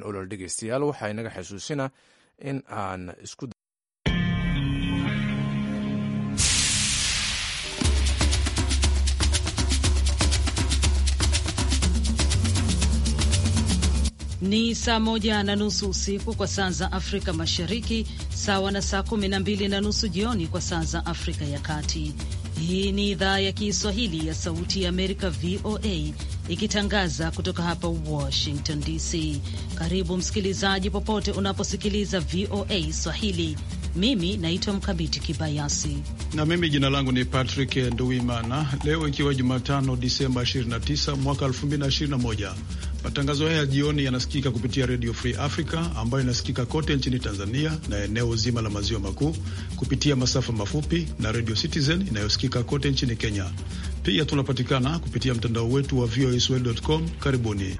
olol dhegeystayaal waxaa inaga xasuusina in aan isku ni saa moja na nusu usiku kwa saa za Afrika Mashariki, sawa na saa kumi na mbili na nusu jioni kwa saa za Afrika ya Kati. Hii ni idhaa ya Kiswahili ya Sauti ya Amerika, VOA, ikitangaza kutoka hapa Washington DC. Karibu msikilizaji, popote unaposikiliza VOA Swahili. Mimi naitwa Mkabiti Kibayasi na mimi jina langu ni Patrick nduimana Leo ikiwa Jumatano, Disemba 29 mwaka 2021 Matangazo haya ya jioni yanasikika kupitia Redio Free Africa ambayo inasikika kote nchini Tanzania na eneo zima la maziwa makuu kupitia masafa mafupi na Redio Citizen inayosikika kote nchini Kenya. Pia tunapatikana kupitia mtandao wetu wa voaswahili.com. Karibuni.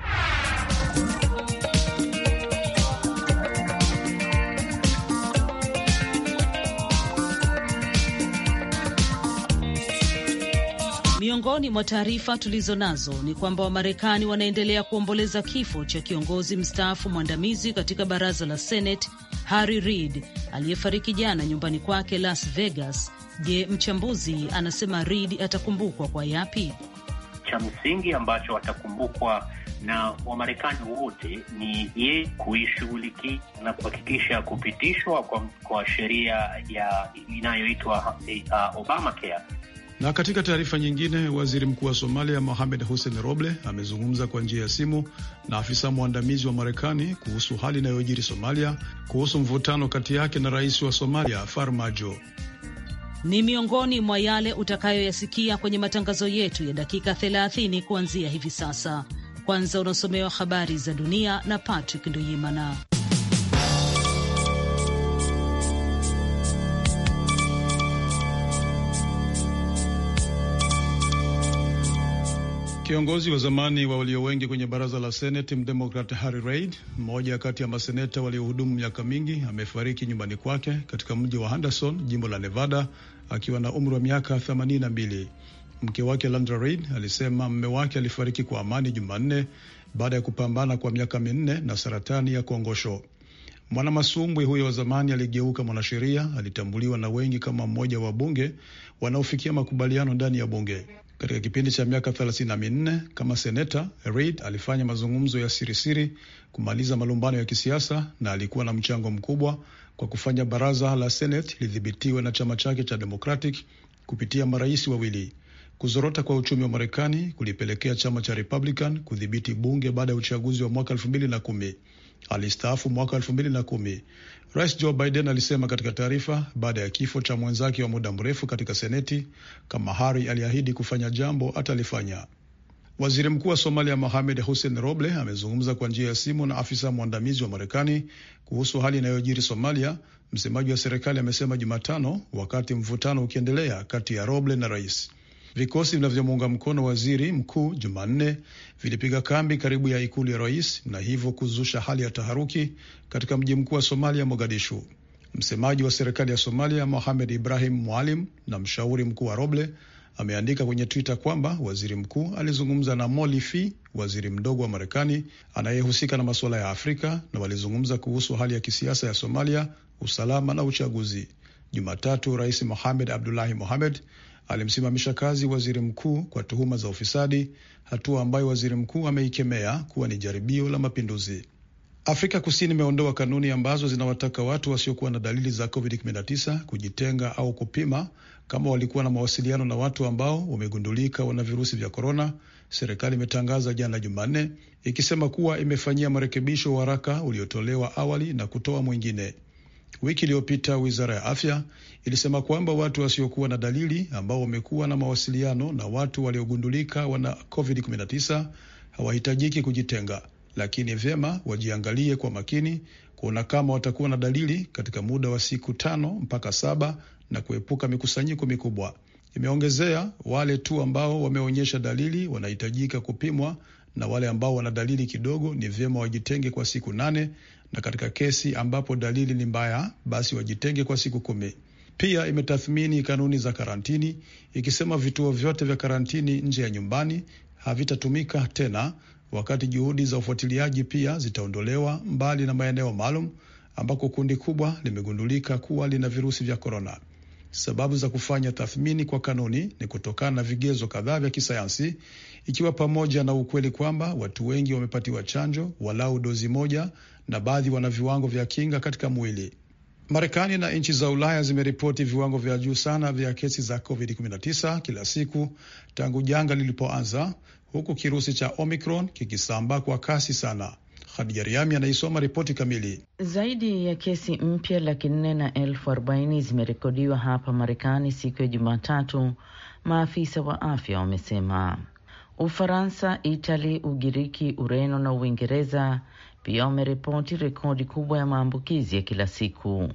Miongoni mwa taarifa tulizo nazo ni kwamba Wamarekani wanaendelea kuomboleza kifo cha kiongozi mstaafu mwandamizi katika baraza la Senate Harry Reid aliyefariki jana nyumbani kwake Las Vegas. Je, mchambuzi anasema Reid atakumbukwa kwa yapi? Cha msingi ambacho atakumbukwa na Wamarekani wote ni ye kuishughulikia na kuhakikisha kupitishwa kwa, kwa sheria ya inayoitwa uh, Obamacare na katika taarifa nyingine, waziri mkuu wa Somalia Mohamed Hussein Roble amezungumza kwa njia ya simu na afisa mwandamizi wa Marekani kuhusu hali inayojiri Somalia, kuhusu mvutano kati yake na rais wa Somalia Farmajo. Ni miongoni mwa yale utakayoyasikia kwenye matangazo yetu ya dakika 30 kuanzia hivi sasa. Kwanza unasomewa habari za dunia na Patrick Nduyimana. Kiongozi wa zamani wa walio wengi kwenye baraza la seneti mdemokrat Harry Reid, mmoja kati ya maseneta waliohudumu miaka mingi, amefariki nyumbani kwake katika mji wa Henderson, jimbo la Nevada, akiwa na umri wa miaka 82. Mke wake Landra Reid alisema mme wake alifariki kwa amani Jumanne baada ya kupambana kwa miaka minne na saratani ya kongosho. Mwanamasumbwi huyo wa zamani aligeuka mwanasheria, alitambuliwa na wengi kama mmoja wa bunge wanaofikia makubaliano ndani ya bunge. Katika kipindi cha miaka 34 kama seneta, Reid alifanya mazungumzo ya sirisiri kumaliza malumbano ya kisiasa na alikuwa na mchango mkubwa kwa kufanya baraza la Senate lidhibitiwe na chama chake cha Democratic kupitia marais wawili. Kuzorota kwa uchumi wa Marekani kulipelekea chama cha Republican kudhibiti bunge baada ya uchaguzi wa mwaka 2010 alistaafu mwaka elfu mbili na kumi. Rais Joe Biden alisema katika taarifa baada ya kifo cha mwenzake wa muda mrefu katika Seneti, kama Hari aliahidi kufanya jambo atalifanya. Waziri mkuu wa Somalia Mohamed Hussein Roble amezungumza kwa njia ya simu na afisa mwandamizi wa Marekani kuhusu hali inayojiri Somalia, msemaji wa serikali amesema Jumatano, wakati mvutano ukiendelea kati ya Roble na rais. Vikosi vinavyomuunga mkono waziri mkuu Jumanne vilipiga kambi karibu ya ikulu ya rais na hivyo kuzusha hali ya taharuki katika mji mkuu wa Somalia, Mogadishu. Msemaji wa serikali ya Somalia Mohamed Ibrahim Mwalim na mshauri mkuu wa Roble ameandika kwenye Twitter kwamba waziri mkuu alizungumza na Mo Lifi, waziri mdogo wa Marekani anayehusika na masuala ya Afrika, na walizungumza kuhusu hali ya kisiasa ya Somalia, usalama na uchaguzi. Jumatatu, Rais Mohamed Abdullahi Mohamed alimsimamisha kazi waziri mkuu kwa tuhuma za ufisadi, hatua ambayo waziri mkuu ameikemea kuwa ni jaribio la mapinduzi. Afrika Kusini imeondoa kanuni ambazo zinawataka watu wasiokuwa na dalili za COVID-19 kujitenga au kupima kama walikuwa na mawasiliano na watu ambao wamegundulika wana virusi vya korona. Serikali imetangaza jana Jumanne ikisema kuwa imefanyia marekebisho waraka uliotolewa awali na kutoa mwingine. Wiki iliyopita wizara ya afya ilisema kwamba watu wasiokuwa na dalili ambao wamekuwa na mawasiliano na watu waliogundulika wana COVID-19 hawahitajiki kujitenga, lakini vyema wajiangalie kwa makini kuona kama watakuwa na dalili katika muda wa siku tano mpaka saba na kuepuka mikusanyiko mikubwa. Imeongezea, wale tu ambao wameonyesha dalili wanahitajika kupimwa na wale ambao wana dalili kidogo ni vyema wajitenge kwa siku nane, na katika kesi ambapo dalili ni mbaya, basi wajitenge kwa siku kumi. Pia imetathmini kanuni za karantini ikisema vituo vyote vya karantini nje ya nyumbani havitatumika tena, wakati juhudi za ufuatiliaji pia zitaondolewa mbali na maeneo maalum ambako kundi kubwa limegundulika kuwa lina virusi vya korona. Sababu za kufanya tathmini kwa kanuni ni kutokana na vigezo kadhaa vya kisayansi, ikiwa pamoja na ukweli kwamba watu wengi wamepatiwa chanjo walau dozi moja na baadhi wana viwango vya kinga katika mwili. Marekani na nchi za Ulaya zimeripoti viwango vya juu sana vya kesi za COVID-19 kila siku tangu janga lilipoanza, huku kirusi cha Omicron kikisambaa kwa kasi sana. Khadija Riami anaisoma ripoti kamili. Zaidi ya kesi mpya laki nne na elfu arobaini zimerekodiwa hapa Marekani siku ya Jumatatu, maafisa wa afya wamesema. Ufaransa, Itali, Ugiriki, Ureno na Uingereza pia wameripoti rekodi kubwa ya maambukizi ya kila siku.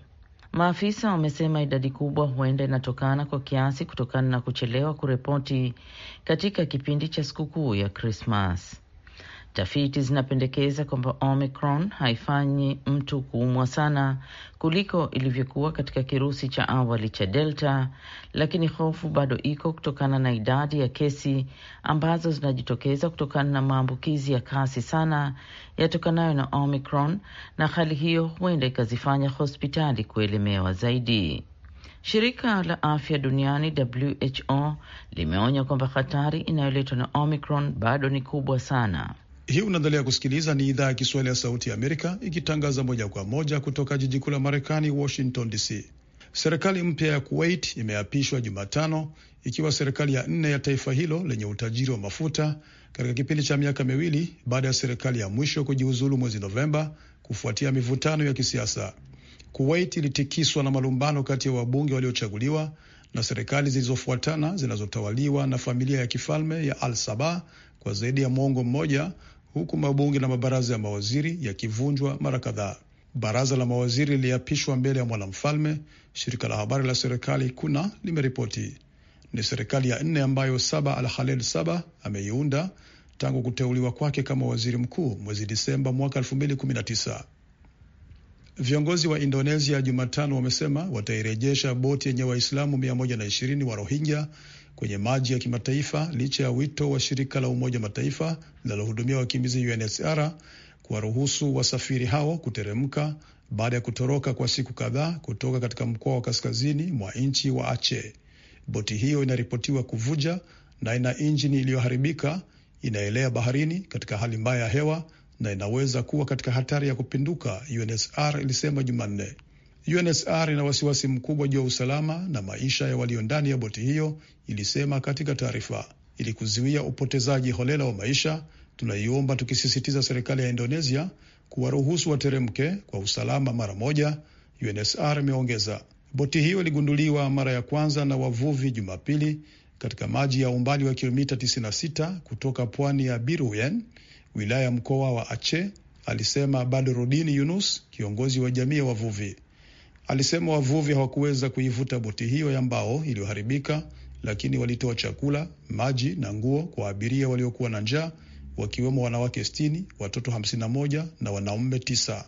Maafisa wamesema idadi kubwa huenda inatokana kwa kiasi kutokana na kuchelewa kuripoti katika kipindi cha sikukuu ya Krismas. Tafiti zinapendekeza kwamba Omicron haifanyi mtu kuumwa sana kuliko ilivyokuwa katika kirusi cha awali cha Delta, lakini hofu bado iko kutokana na idadi ya kesi ambazo zinajitokeza kutokana na maambukizi ya kasi sana yatokanayo na Omicron, na hali hiyo huenda ikazifanya hospitali kuelemewa zaidi. Shirika la afya duniani WHO limeonya kwamba hatari inayoletwa na Omicron bado ni kubwa sana. Hii unaendelea kusikiliza, ni idhaa ya Kiswahili ya Sauti ya Amerika ikitangaza moja kwa moja kutoka jiji kuu la Marekani, Washington DC. Serikali mpya ya Kuwait imeapishwa Jumatano, ikiwa serikali ya nne ya taifa hilo lenye utajiri wa mafuta katika kipindi cha miaka miwili baada ya serikali ya mwisho kujiuzulu mwezi Novemba kufuatia mivutano ya kisiasa. Kuwait ilitikiswa na malumbano kati ya wabunge waliochaguliwa na serikali zilizofuatana zinazotawaliwa na familia ya kifalme ya Al Sabah kwa zaidi ya mwongo mmoja, huku mabunge na mabaraza ya mawaziri yakivunjwa mara kadhaa. Baraza la mawaziri liliapishwa mbele ya mwanamfalme, shirika la habari la serikali Kuna limeripoti. Ni serikali ya nne ambayo Saba Al Khaled Saba ameiunda tangu kuteuliwa kwake kama waziri mkuu mwezi Disemba mwaka 2019. Viongozi wa Indonesia Jumatano wamesema watairejesha boti yenye Waislamu 120 wa Rohingya kwenye maji ya kimataifa licha ya wito wa shirika la Umoja Mataifa linalohudumia wakimbizi UNHCR kuwaruhusu wasafiri hao kuteremka baada ya kutoroka kwa siku kadhaa kutoka katika mkoa wa kaskazini mwa nchi wa Aceh. Boti hiyo inaripotiwa kuvuja na ina injini iliyoharibika, inaelea baharini katika hali mbaya ya hewa na inaweza kuwa katika hatari ya kupinduka, UNHCR ilisema Jumanne. UNSR ina wasiwasi mkubwa juu ya usalama na maisha ya walio ndani ya boti hiyo, ilisema katika taarifa. Ili kuzuia upotezaji holela wa maisha, tunaiomba tukisisitiza serikali ya Indonesia kuwaruhusu wateremke kwa usalama mara moja, UNSR imeongeza. Boti hiyo iligunduliwa mara ya kwanza na wavuvi Jumapili katika maji ya umbali wa kilomita 96 kutoka pwani ya Biruyen, wilaya mkoa wa Aceh, alisema Badrudini Yunus, kiongozi wa jamii ya wavuvi. Alisema wavuvi hawakuweza kuivuta boti hiyo ya mbao iliyoharibika, lakini walitoa chakula, maji na nguo kwa abiria waliokuwa na njaa, wakiwemo wanawake sitini, watoto 51 na na wanaume tisa.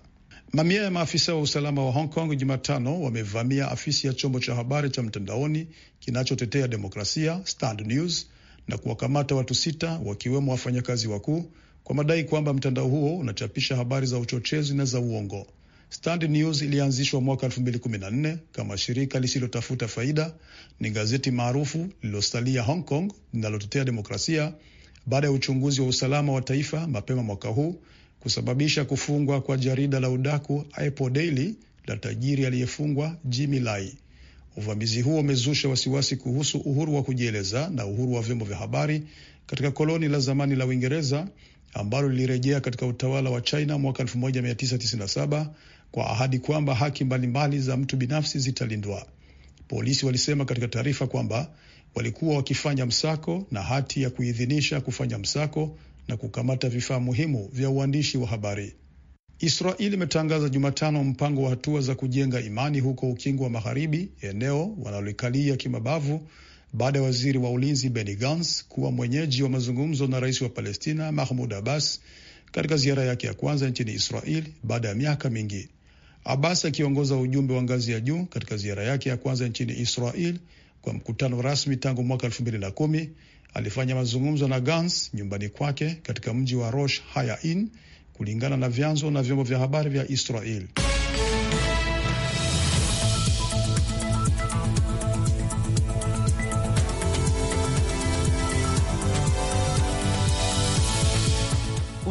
Mamia ya maafisa wa usalama wa Hong Kong Jumatano wamevamia afisi ya chombo cha habari cha mtandaoni kinachotetea demokrasia Stand News na kuwakamata watu sita wakiwemo wafanyakazi wakuu kwa madai kwamba mtandao huo unachapisha habari za uchochezi na za uongo. Stand News ilianzishwa mwaka 2014 kama shirika lisilotafuta faida. Ni gazeti maarufu lililosalia Hong Kong linalotetea demokrasia baada ya uchunguzi wa usalama wa taifa mapema mwaka huu kusababisha kufungwa kwa jarida la udaku Apple Daily la tajiri aliyefungwa Jimmy Lai. Uvamizi huo umezusha wasiwasi kuhusu uhuru wa kujieleza na uhuru wa vyombo vya habari katika koloni la zamani la Uingereza ambalo lilirejea katika utawala wa China mwaka kwa ahadi kwamba haki mbalimbali za mtu binafsi zitalindwa. Polisi walisema katika taarifa kwamba walikuwa wakifanya msako na hati ya kuidhinisha kufanya msako na kukamata vifaa muhimu vya uandishi wa habari. Israeli imetangaza Jumatano mpango wa hatua za kujenga imani huko Ukingo wa Magharibi, eneo wanalolikalia kimabavu baada ya waziri wa ulinzi Benny Gantz kuwa mwenyeji wa mazungumzo na rais wa Palestina Mahmud Abbas katika ziara yake ya kwanza nchini Israel baada ya miaka mingi. Abbas akiongoza ujumbe wa ngazi ya juu katika ziara yake ya kwanza nchini Israel kwa mkutano rasmi tangu mwaka elfu mbili na kumi alifanya mazungumzo na Gans nyumbani kwake katika mji wa Rosh Hayain, kulingana na vyanzo na vyombo vya habari vya Israel.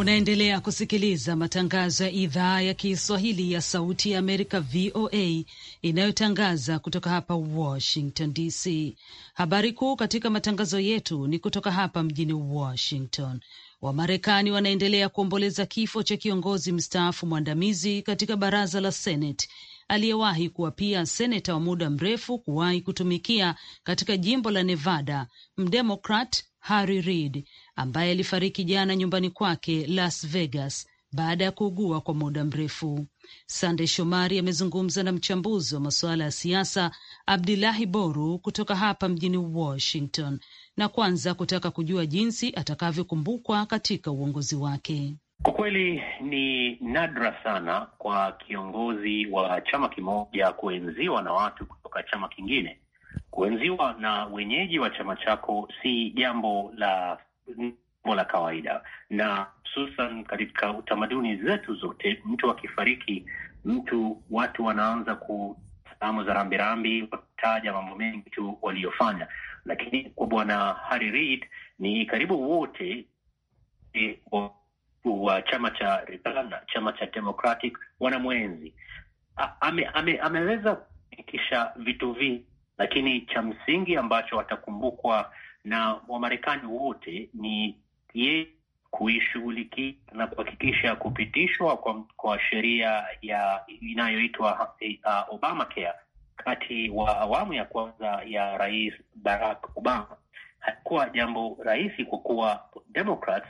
Unaendelea kusikiliza matangazo ya idhaa ya Kiswahili ya Sauti ya Amerika, VOA, inayotangaza kutoka hapa Washington DC. Habari kuu katika matangazo yetu ni kutoka hapa mjini Washington. Wamarekani wanaendelea kuomboleza kifo cha kiongozi mstaafu mwandamizi katika baraza la Seneti aliyewahi kuwa pia seneta wa muda mrefu kuwahi kutumikia katika jimbo la Nevada, mdemokrat Harry Reid ambaye alifariki jana nyumbani kwake Las Vegas baada ya kuugua kwa muda mrefu. Sande Shomari amezungumza na mchambuzi wa masuala ya siasa Abdulahi Boru kutoka hapa mjini Washington, na kwanza kutaka kujua jinsi atakavyokumbukwa katika uongozi wake. Kwa kweli ni nadra sana kwa kiongozi wa chama kimoja kuenziwa na watu kutoka chama kingine. Kuenziwa na wenyeji wa chama chako si jambo la la kawaida na hususan katika utamaduni zetu zote, mtu akifariki, mtu watu wanaanza ku za rambirambi, wakitaja mambo mengi tu waliofanya. Lakini kwa Bwana Harry Reid ni karibu wote e, wa, wa chama cha Republican, chama cha Democratic wanamwenzi, ameweza ame, vitu vingi, lakini cha msingi ambacho atakumbukwa na Wamarekani wote ni ye kuishughulikia na kuhakikisha kupitishwa kwa, kwa sheria ya inayoitwa uh, Obamacare kati wa awamu ya kwanza ya Rais Barack Obama haikuwa jambo rahisi kwa kuwa Democrats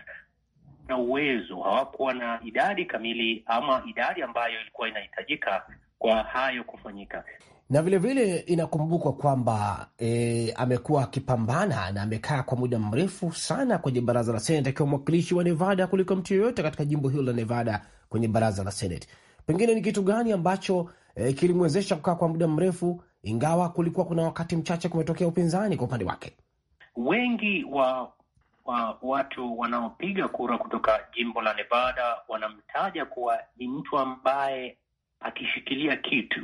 na uwezo hawakuwa na idadi kamili ama idadi ambayo ilikuwa inahitajika kwa hayo kufanyika na vilevile inakumbukwa kwamba e, amekuwa akipambana na amekaa kwa muda mrefu sana kwenye baraza la Senate akiwa mwakilishi wa Nevada kuliko mtu yoyote katika jimbo hilo la Nevada kwenye baraza la Senate. Pengine ni kitu gani ambacho e, kilimwezesha kukaa kwa muda mrefu, ingawa kulikuwa kuna wakati mchache kumetokea upinzani kwa upande wake? Wengi wa, wa watu wanaopiga kura kutoka jimbo la Nevada wanamtaja kuwa ni mtu ambaye akishikilia kitu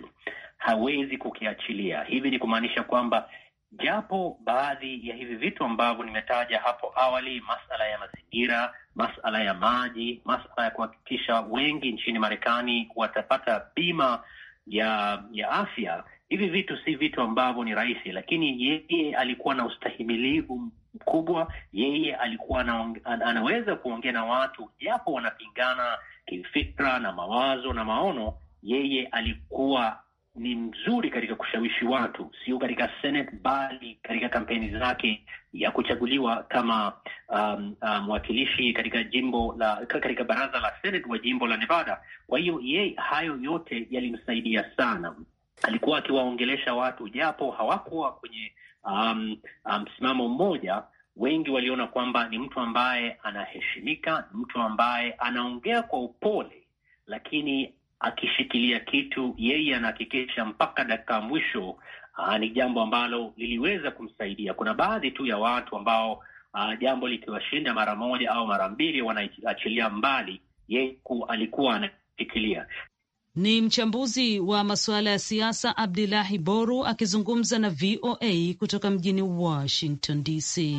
hawezi kukiachilia. Hivi ni kumaanisha kwamba japo baadhi ya hivi vitu ambavyo nimetaja hapo awali, masala ya mazingira, masala ya maji, masala ya kuhakikisha wengi nchini Marekani watapata bima ya ya afya, hivi vitu si vitu ambavyo ni rahisi, lakini yeye alikuwa na ustahimilivu mkubwa. Yeye alikuwa na, anaweza kuongea na watu japo wanapingana kifikra na mawazo na maono, yeye alikuwa ni mzuri katika kushawishi watu, sio katika Senate bali katika kampeni zake ya kuchaguliwa kama um, uh, mwakilishi um, um, katika jimbo la katika baraza la Senate wa jimbo la Nevada. Kwa hiyo ye, hayo yote yalimsaidia sana. Alikuwa akiwaongelesha watu, japo hawakuwa kwenye msimamo um, um, mmoja. Wengi waliona kwamba ni mtu ambaye anaheshimika, ni mtu ambaye anaongea kwa upole, lakini akishikilia kitu, yeye anahakikisha mpaka dakika ya mwisho. Ah, ni jambo ambalo liliweza kumsaidia. Kuna baadhi tu ya watu ambao aa, ah, jambo likiwashinda mara moja au mara mbili wanaachilia mbali, yeye alikuwa anashikilia. Ni mchambuzi wa masuala ya siasa Abdulahi Boru akizungumza na VOA kutoka mjini Washington DC.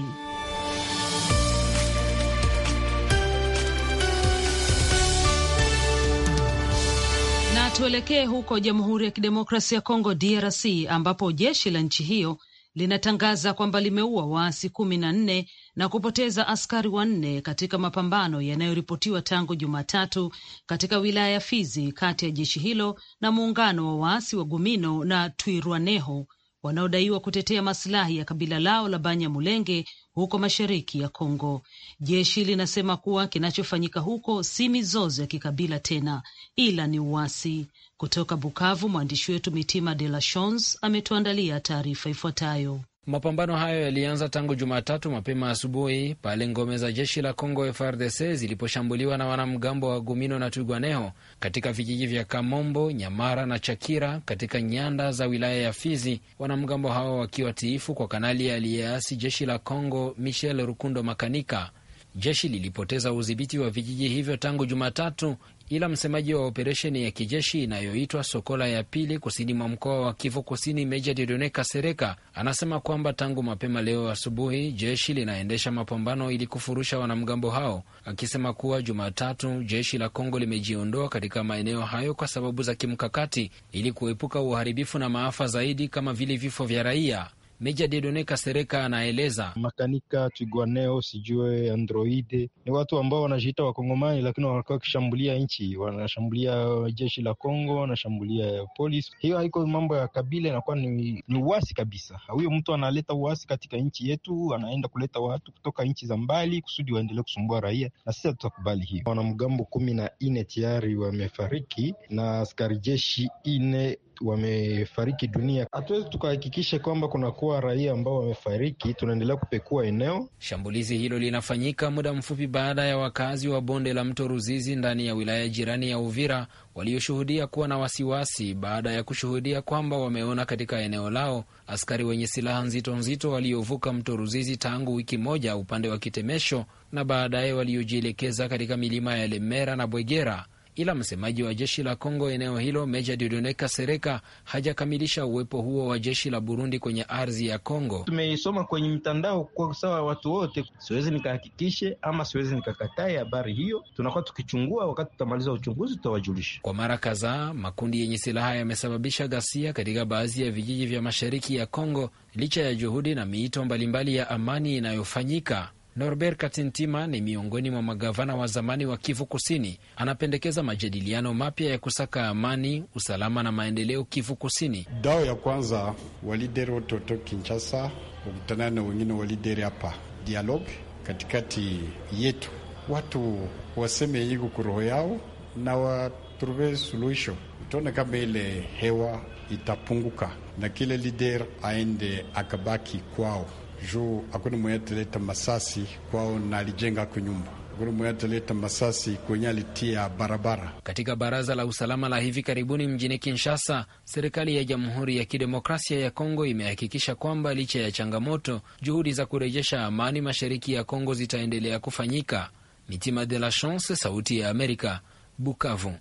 Tuelekee huko Jamhuri ya Kidemokrasia ya Kongo, DRC, ambapo jeshi la nchi hiyo linatangaza kwamba limeua waasi kumi na nne na kupoteza askari wanne katika mapambano yanayoripotiwa tangu Jumatatu katika wilaya ya Fizi kati ya jeshi hilo na muungano wa waasi wa Gumino na Twirwaneho wanaodaiwa kutetea masilahi ya kabila lao la banya mulenge huko mashariki ya Kongo. Jeshi linasema kuwa kinachofanyika huko si mizozo ya kikabila tena, ila ni uasi. Kutoka Bukavu, mwandishi wetu Mitima De La shans ametuandalia taarifa ifuatayo. Mapambano hayo yalianza tangu Jumatatu mapema asubuhi pale ngome za jeshi la Congo FRDC ziliposhambuliwa na wanamgambo wa Gumino na Twirwaneho katika vijiji vya Kamombo, Nyamara na Chakira katika nyanda za wilaya ya Fizi, wanamgambo hao wakiwa tiifu kwa kanali aliyeasi jeshi la Congo Michel Rukundo Makanika. Jeshi lilipoteza udhibiti wa vijiji hivyo tangu Jumatatu ila msemaji wa operesheni ya kijeshi inayoitwa Sokola ya pili kusini mwa mkoa wa Kivu Kusini, Meja dedone Kasereka anasema kwamba tangu mapema leo asubuhi jeshi linaendesha mapambano ili kufurusha wanamgambo hao, akisema kuwa Jumatatu jeshi la Kongo limejiondoa katika maeneo hayo kwa sababu za kimkakati ili kuepuka uharibifu na maafa zaidi kama vile vifo vya raia. Meja Dedone Kasereka anaeleza makanika twigwaneo, sijue androide, ni watu ambao wanajiita Wakongomani, lakini wanakuwa wakishambulia nchi, wanashambulia jeshi la Kongo, wanashambulia polisi. Hiyo haiko mambo ya kabila, inakuwa ni, ni uasi kabisa. Huyo mtu analeta uasi katika nchi yetu, anaenda kuleta watu kutoka nchi za mbali kusudi waendelee kusumbua raia, na sisi hatutakubali hiyo. Wanamgambo kumi na nne tayari wamefariki na askari jeshi ine wamefariki dunia. Hatuwezi tukahakikisha kwamba kunakuwa raia ambao wamefariki, tunaendelea kupekua eneo. Shambulizi hilo linafanyika muda mfupi baada ya wakazi wa bonde la mto Ruzizi ndani ya wilaya jirani ya Uvira walioshuhudia kuwa na wasiwasi baada ya kushuhudia kwamba wameona katika eneo lao askari wenye silaha nzito nzito waliovuka mto Ruzizi tangu wiki moja upande wa Kitemesho na baadaye waliojielekeza katika milima ya Lemera na Bwegera ila msemaji wa jeshi la Kongo eneo hilo Meja Didoneka Sereka hajakamilisha uwepo huo wa jeshi la Burundi kwenye ardhi ya Kongo. Tumeisoma kwenye mtandao kwa sawa watu wote, siwezi nikahakikishe ama siwezi nikakatae habari hiyo. Tunakuwa tukichungua, wakati tutamaliza uchunguzi tutawajulisha. Kwa mara kadhaa makundi yenye silaha yamesababisha ghasia katika baadhi ya vijiji vya mashariki ya Kongo licha ya juhudi na miito mbalimbali ya amani inayofanyika. Norbert Katintima ni miongoni mwa magavana wa zamani wa Kivu Kusini. Anapendekeza majadiliano mapya ya kusaka amani, usalama na maendeleo Kivu Kusini. Dao ya kwanza walideri wototo Kinshasa wakutana na wengine walideri hapa, dialogue katikati yetu, watu waseme iko kuroho yao na watruve suluhisho. Utaona kama ile hewa itapunguka na kile lider aende akabaki kwao juu hakuna mwenye ataleta masasi kwao na alijenga kwa nyumba Guruma yataleta masasi kwenye alitia barabara. Katika baraza la usalama la hivi karibuni mjini Kinshasa, serikali ya Jamhuri ya Kidemokrasia ya Kongo imehakikisha kwamba licha ya changamoto, juhudi za kurejesha amani mashariki ya Kongo zitaendelea kufanyika. Mitima de la Chance, Sauti ya Amerika, Bukavu.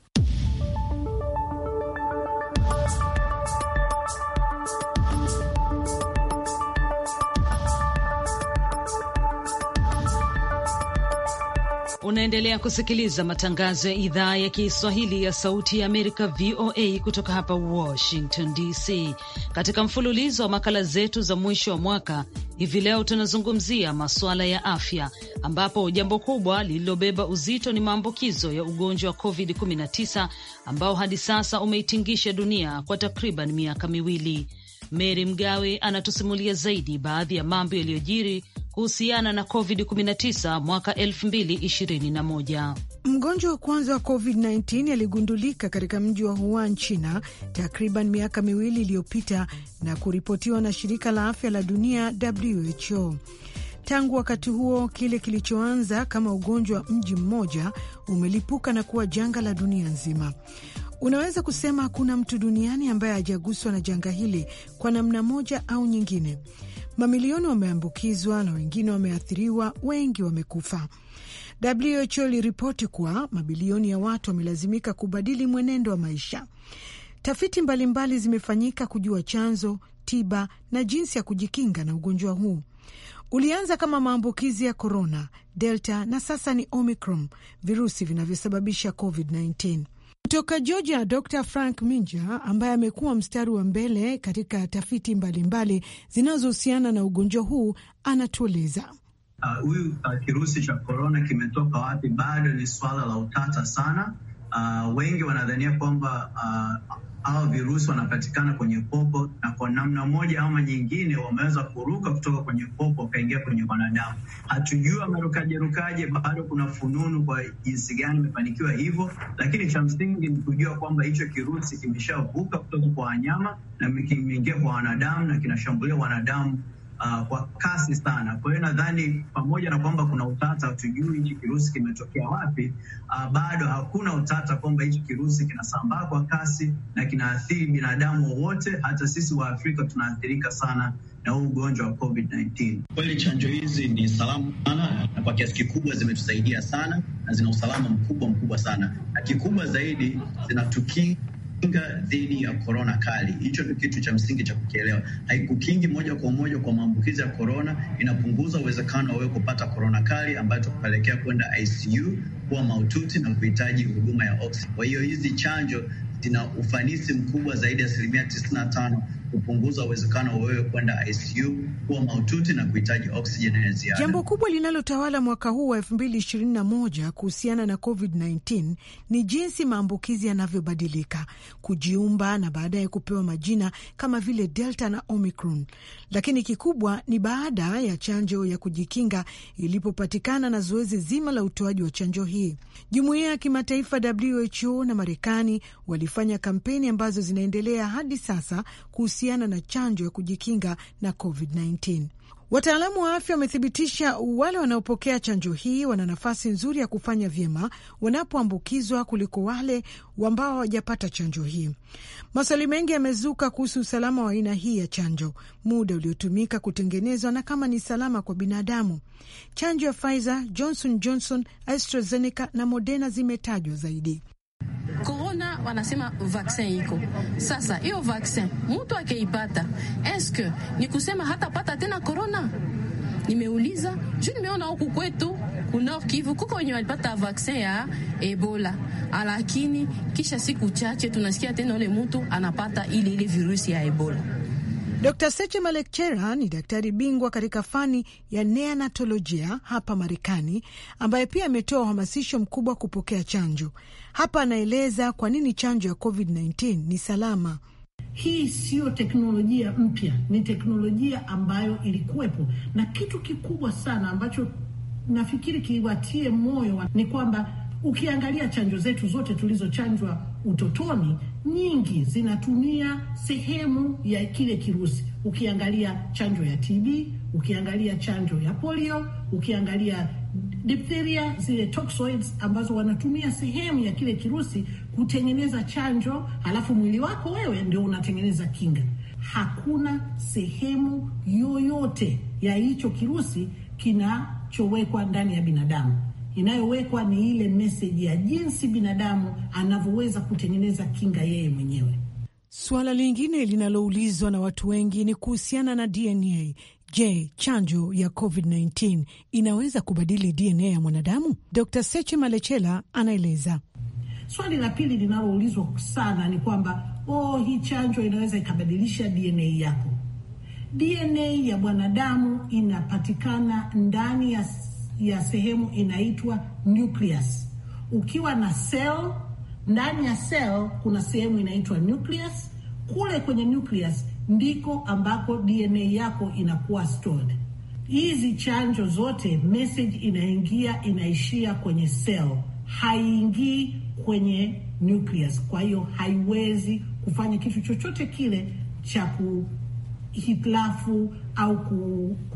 Unaendelea kusikiliza matangazo ya idhaa ya Kiswahili ya Sauti ya Amerika, VOA, kutoka hapa Washington DC. Katika mfululizo wa makala zetu za mwisho wa mwaka, hivi leo tunazungumzia masuala ya afya, ambapo jambo kubwa lililobeba uzito ni maambukizo ya ugonjwa wa COVID-19 ambao hadi sasa umeitingisha dunia kwa takriban miaka miwili mery Mgawe anatusimulia zaidi baadhi ya mambo yaliyojiri kuhusiana na COVID-19 mwaka 2021. Mgonjwa wa kwanza wa COVID-19 aligundulika katika mji wa Wuhan, China, takriban miaka miwili iliyopita na kuripotiwa na shirika la afya la dunia WHO. Tangu wakati huo, kile kilichoanza kama ugonjwa wa mji mmoja umelipuka na kuwa janga la dunia nzima. Unaweza kusema hakuna mtu duniani ambaye hajaguswa na janga hili kwa namna moja au nyingine. Mamilioni wameambukizwa na wengine wameathiriwa, wengi wamekufa. WHO iliripoti kuwa mabilioni ya watu wamelazimika kubadili mwenendo wa maisha. Tafiti mbalimbali mbali zimefanyika kujua chanzo, tiba na jinsi ya kujikinga na ugonjwa huu. Ulianza kama maambukizi ya korona, delta na sasa ni omicron, virusi vinavyosababisha covid-19. Kutoka Georgia, Dr Frank Minja ambaye amekuwa mstari wa mbele katika tafiti mbalimbali zinazohusiana na ugonjwa huu anatueleza. Ah, huyu uh, uh, kirusi cha korona kimetoka wapi? Bado ni swala la utata sana. Uh, wengi wanadhania kwamba uh, au virusi wanapatikana kwenye popo, na kwa namna moja ama nyingine wameweza kuruka kutoka kwenye popo wakaingia kwenye wanadamu. Hatujui rukaje, bado kuna fununu kwa jinsi gani imefanikiwa hivyo, lakini cha msingi ni kujua kwamba hicho kirusi kimeshavuka kutoka kwa wanyama na kimeingia kwa wanadamu na kinashambulia wanadamu uh, kwa kasi sana. Kwa hiyo nadhani pamoja na kwamba kuna utata, hatujui hichi kirusi kimetokea wapi, uh, bado hakuna utata kwamba hichi kirusi kinasambaa kwa kasi na kinaathiri binadamu wowote hata sisi wa Afrika tunaathirika sana na huu ugonjwa wa COVID-19. Kweli chanjo hizi ni salama sana na kwa kiasi kikubwa zimetusaidia sana na zina usalama mkubwa mkubwa sana, na kikubwa zaidi zinatukinga kinga dhidi ya korona kali. Hicho ni kitu cha msingi cha kukielewa. Haikukingi moja kwa moja kwa maambukizi ya korona, inapunguza uwezekano wa wewe kupata korona kali ambayo tukupelekea kwenda ICU, kuwa maututi na kuhitaji huduma ya oksijeni. Kwa hiyo hizi chanjo zina ufanisi mkubwa zaidi ya asilimia tisini na tano kupunguza uwezekano wa wewe kwenda ICU, kuwa mahututi na kuhitaji oksijeni ya ziada. Jambo kubwa linalotawala mwaka huu wa 2021 kuhusiana na COVID-19 ni jinsi maambukizi yanavyobadilika, kujiumba na baadaye kupewa majina kama vile Delta na Omicron. Lakini kikubwa ni baada ya chanjo ya kujikinga ilipopatikana na zoezi zima la utoaji wa chanjo hii. Jumuiya ya kimataifa WHO na Marekani walifanya kampeni ambazo zinaendelea hadi sasa kuhusiana kuhusiana na chanjo ya kujikinga na COVID-19. Wataalamu wa afya wamethibitisha wale wanaopokea chanjo hii wana nafasi nzuri ya kufanya vyema wanapoambukizwa kuliko wale ambao hawajapata chanjo hii. Maswali mengi yamezuka kuhusu usalama wa aina hii ya chanjo, muda uliotumika kutengenezwa na kama ni salama kwa binadamu. Chanjo ya Pfizer, Johnson Johnson, AstraZeneca na Moderna zimetajwa zaidi. Corona wanasema vaksin iko sasa. Hiyo vaksin mtu akeipata, eske ni kusema hatapata tena corona? Nimeuliza juu nimeona huku kwetu ku Nord Kivu kuko wenye walipata vaksin ya Ebola, lakini kisha siku chache tunasikia tena ule mtu anapata ile ile virusi ya Ebola. Dr Seche Malekchera ni daktari bingwa katika fani ya neonatolojia hapa Marekani, ambaye pia ametoa uhamasisho mkubwa kupokea chanjo. Hapa anaeleza kwa nini chanjo ya COVID-19 ni salama. Hii siyo teknolojia mpya, ni teknolojia ambayo ilikuwepo, na kitu kikubwa sana ambacho nafikiri kiwatie moyo ni kwamba ukiangalia chanjo zetu zote tulizochanjwa utotoni nyingi zinatumia sehemu ya kile kirusi. Ukiangalia chanjo ya TB, ukiangalia chanjo ya polio, ukiangalia diphtheria, zile toxoids ambazo wanatumia sehemu ya kile kirusi kutengeneza chanjo, halafu mwili wako wewe ndio unatengeneza kinga. Hakuna sehemu yoyote ya hicho kirusi kinachowekwa ndani ya binadamu. Inayowekwa ni ile meseji ya jinsi binadamu anavyoweza kutengeneza kinga yeye mwenyewe. Suala lingine linaloulizwa na watu wengi ni kuhusiana na DNA. Je, chanjo ya COVID-19 inaweza kubadili DNA ya mwanadamu? Dr Seche Malechela anaeleza. Swali la pili linaloulizwa sana ni kwamba oh, hii chanjo inaweza ikabadilisha DNA yako. DNA ya mwanadamu inapatikana ndani ya ya sehemu inaitwa nucleus. Ukiwa na cell, ndani ya cell kuna sehemu inaitwa nucleus. Kule kwenye nucleus ndiko ambako DNA yako inakuwa stored. Hizi chanjo zote, message inaingia inaishia kwenye cell, haiingii kwenye nucleus. Kwa hiyo haiwezi kufanya kitu chochote kile cha kuhitilafu au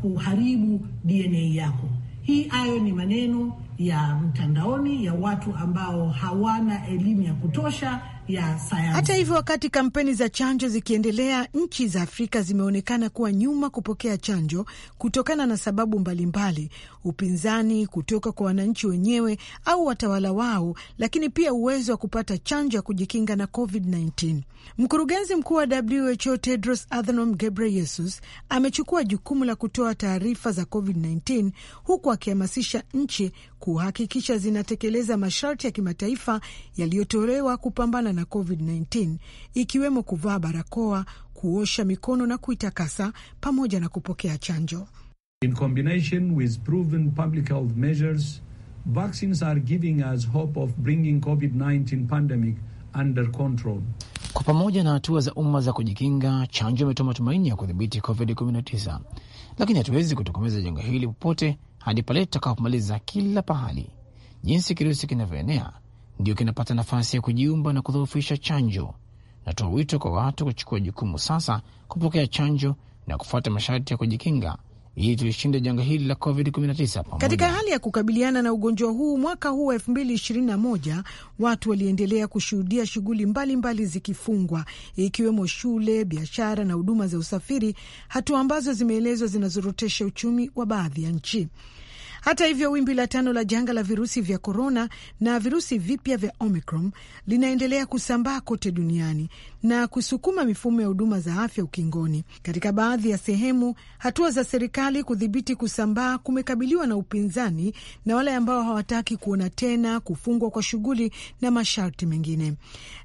kuharibu DNA yako. Hii hayo ni maneno ya mtandaoni ya watu ambao hawana elimu ya kutosha hata hivyo, wakati kampeni za chanjo zikiendelea, nchi za Afrika zimeonekana kuwa nyuma kupokea chanjo kutokana na sababu mbalimbali mbali, upinzani kutoka kwa wananchi wenyewe au watawala wao, lakini pia uwezo wa kupata chanjo ya kujikinga na COVID-19. Mkurugenzi mkuu wa WHO Tedros Adhanom Ghebreyesus amechukua jukumu la kutoa taarifa za COVID-19 huku akihamasisha nchi kuhakikisha zinatekeleza masharti ya kimataifa yaliyotolewa kupambana na na COVID-19 ikiwemo kuvaa barakoa, kuosha mikono na kuitakasa pamoja na kupokea chanjo. In combination with proven public health measures, vaccines are giving us hope of bringing COVID-19 pandemic under control. Kwa pamoja na hatua za umma za kujikinga, chanjo imetoa matumaini ya kudhibiti COVID-19, lakini hatuwezi kutokomeza janga hili popote hadi pale tutakapomaliza kila pahali jinsi kirusi kinavyoenea ndio kinapata nafasi ya kujiumba na kudhoofisha chanjo. Natoa wito kwa watu kuchukua jukumu sasa kupokea chanjo na kufuata masharti ya kujikinga ili tulishinda janga hili la COVID-19. Katika hali ya kukabiliana na ugonjwa huu, mwaka huu wa 2021 watu waliendelea kushuhudia shughuli mbalimbali zikifungwa, ikiwemo shule, biashara na huduma za usafiri, hatua ambazo zimeelezwa zinazorotesha uchumi wa baadhi ya nchi. Hata hivyo, wimbi la tano la janga la virusi vya korona na virusi vipya vya Omicron linaendelea kusambaa kote duniani na kusukuma mifumo ya huduma za afya ukingoni. Katika baadhi ya sehemu, hatua za serikali kudhibiti kusambaa kumekabiliwa na upinzani na wale ambao hawataki kuona tena kufungwa kwa shughuli na masharti mengine.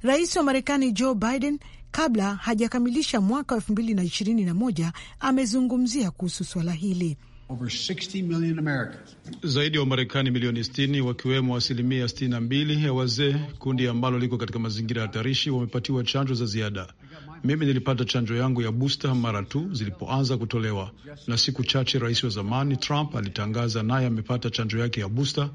Rais wa Marekani Joe Biden kabla hajakamilisha mwaka wa elfu mbili na ishirini na moja amezungumzia kuhusu swala hili. Over 60 million Americans. Zaidi ya Wamarekani milioni 60 wakiwemo asilimia 62 ya wazee, kundi ambalo liko katika mazingira ya hatarishi, wamepatiwa chanjo za ziada. Mimi nilipata chanjo yangu ya busta mara tu zilipoanza kutolewa, na siku chache rais wa zamani Trump alitangaza naye amepata chanjo yake ya busta.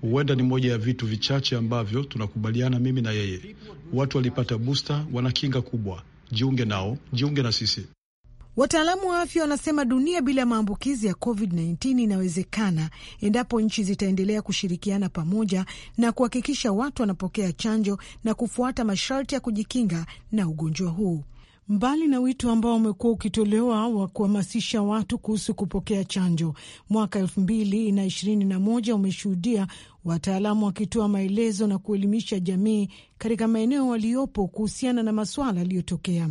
Huenda ni moja ya vitu vichache ambavyo tunakubaliana mimi na yeye. Watu walipata busta, wana kinga kubwa. Jiunge nao, jiunge na sisi. Wataalamu wa afya wanasema dunia bila maambukizi ya COVID-19 inawezekana endapo nchi zitaendelea kushirikiana pamoja na kuhakikisha watu wanapokea chanjo na kufuata masharti ya kujikinga na ugonjwa huu. Mbali na wito ambao umekuwa ukitolewa wa kuhamasisha watu kuhusu kupokea chanjo, mwaka elfu mbili na ishirini na moja umeshuhudia wataalamu wakitoa maelezo na kuelimisha jamii katika maeneo waliopo kuhusiana na masuala yaliyotokea.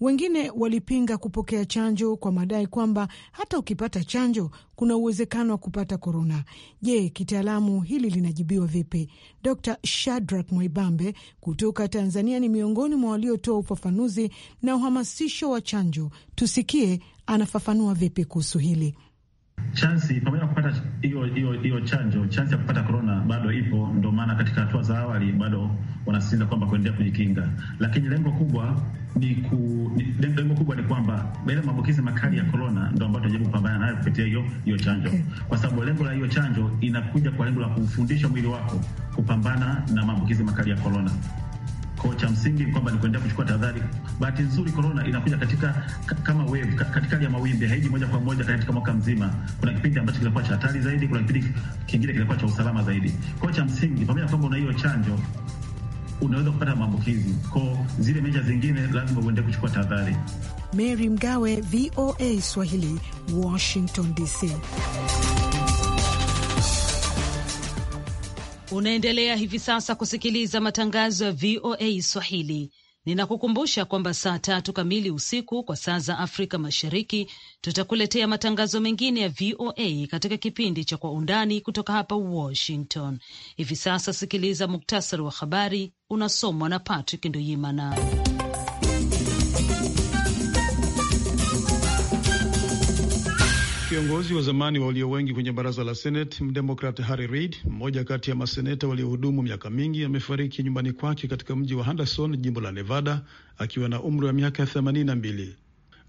Wengine walipinga kupokea chanjo kwa madai kwamba hata ukipata chanjo kuna uwezekano wa kupata korona. Je, kitaalamu hili linajibiwa vipi? Dr Shadrack Mwaibambe kutoka Tanzania ni miongoni mwa waliotoa ufafanuzi na uhamasisho wa chanjo. Tusikie anafafanua vipi kuhusu hili chansi pamoja na kupata hiyo hiyo hiyo chanjo, chansi ya kupata korona bado ipo. Ndio maana katika hatua za awali bado wanasisitiza kwamba kuendelea kujikinga, lakini lengo kubwa ni ku, lengo kubwa ni kwamba bila maambukizi makali ya korona ndio ambayo tunajaribu kupambana nayo kupitia hiyo hiyo chanjo Kwa sababu lengo la hiyo chanjo inakuja kwa lengo la kufundisha mwili wako kupambana na maambukizi makali ya korona. Kwa cha msingi kwamba ni kuendelea kuchukua tahadhari. Bahati nzuri korona inakuja katika kama wave, katika hali ya mawimbi, haiji moja kwa moja katika mwaka mzima. Kuna kipindi ambacho kinakuwa cha hatari zaidi, kuna kipindi kingine kinakuwa cha usalama zaidi. Kwa cha msingi, pamoja na kwamba una hiyo chanjo unaweza kupata maambukizi. Kwa zile meja zingine lazima uendelee kuchukua tahadhari. Mary Mgawe, VOA Swahili, Washington DC. Unaendelea hivi sasa kusikiliza matangazo ya VOA Swahili. Ninakukumbusha kwamba saa tatu kamili usiku kwa saa za Afrika Mashariki tutakuletea matangazo mengine ya VOA katika kipindi cha Kwa Undani kutoka hapa Washington. Hivi sasa sikiliza muktasari wa habari unasomwa na Patrick Nduyimana. Kiongozi wa zamani wa walio wengi kwenye baraza la Senate mdemokrat Harry Reid, mmoja kati ya maseneta waliohudumu miaka mingi, amefariki nyumbani kwake katika mji wa Henderson, jimbo la Nevada, akiwa na umri wa miaka mbili.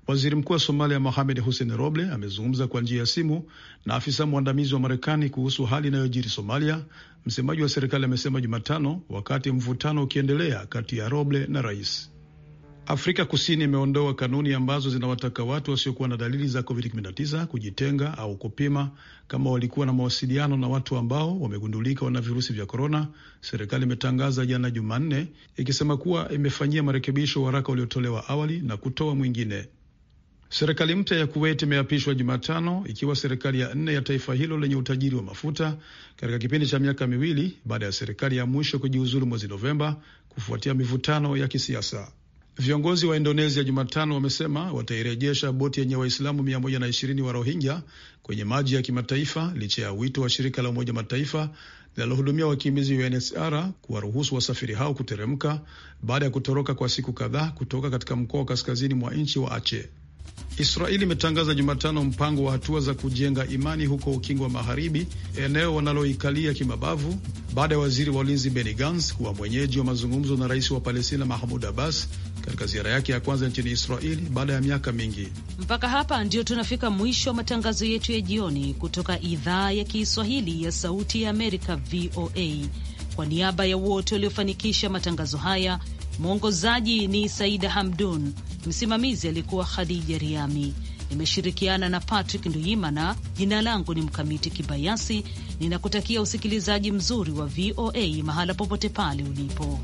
Waziri mkuu wa Somalia Mohamed Hussein Roble amezungumza kwa njia ya simu na afisa mwandamizi wa Marekani kuhusu hali inayojiri Somalia, msemaji wa serikali amesema Jumatano, wakati mvutano ukiendelea kati ya Roble na rais Afrika Kusini imeondoa kanuni ambazo zinawataka watu wasiokuwa na dalili za COVID-19 kujitenga au kupima kama walikuwa na mawasiliano na watu ambao wamegundulika wana virusi vya korona. Serikali imetangaza jana Jumanne ikisema kuwa imefanyia marekebisho waraka uliotolewa awali na kutoa mwingine. Serikali mpya ya Kuwait imeapishwa Jumatano, ikiwa serikali ya nne ya taifa hilo lenye utajiri wa mafuta katika kipindi cha miaka miwili baada ya serikali ya mwisho kujiuzulu mwezi Novemba kufuatia mivutano ya kisiasa. Viongozi wa Indonesia Jumatano wamesema watairejesha boti yenye Waislamu 120 wa Rohingya kwenye maji ya kimataifa licha ya wito wa shirika la Umoja Mataifa linalohudumia wakimbizi UNHCR kuwaruhusu wasafiri hao kuteremka baada ya kutoroka kwa siku kadhaa kutoka katika mkoa wa kaskazini mwa nchi wa Aceh. Israeli imetangaza Jumatano mpango wa hatua za kujenga imani huko ukingo wa Magharibi, eneo wanaloikalia kimabavu baada ya waziri wa ulinzi Benny Gantz kuwa mwenyeji wa mazungumzo na rais wa Palestina Mahmud Abbas katika ziara yake ya kwanza nchini Israeli baada ya miaka mingi. Mpaka hapa ndio tunafika mwisho wa matangazo yetu ya jioni kutoka idhaa ya Kiswahili ya Sauti ya Amerika, VOA. Kwa niaba ya wote waliofanikisha matangazo haya, mwongozaji ni Saida Hamdun. Msimamizi alikuwa Khadija Riami. Nimeshirikiana na Patrick Nduyimana. Jina langu ni Mkamiti Kibayasi, ninakutakia usikilizaji mzuri wa VOA mahala popote pale ulipo.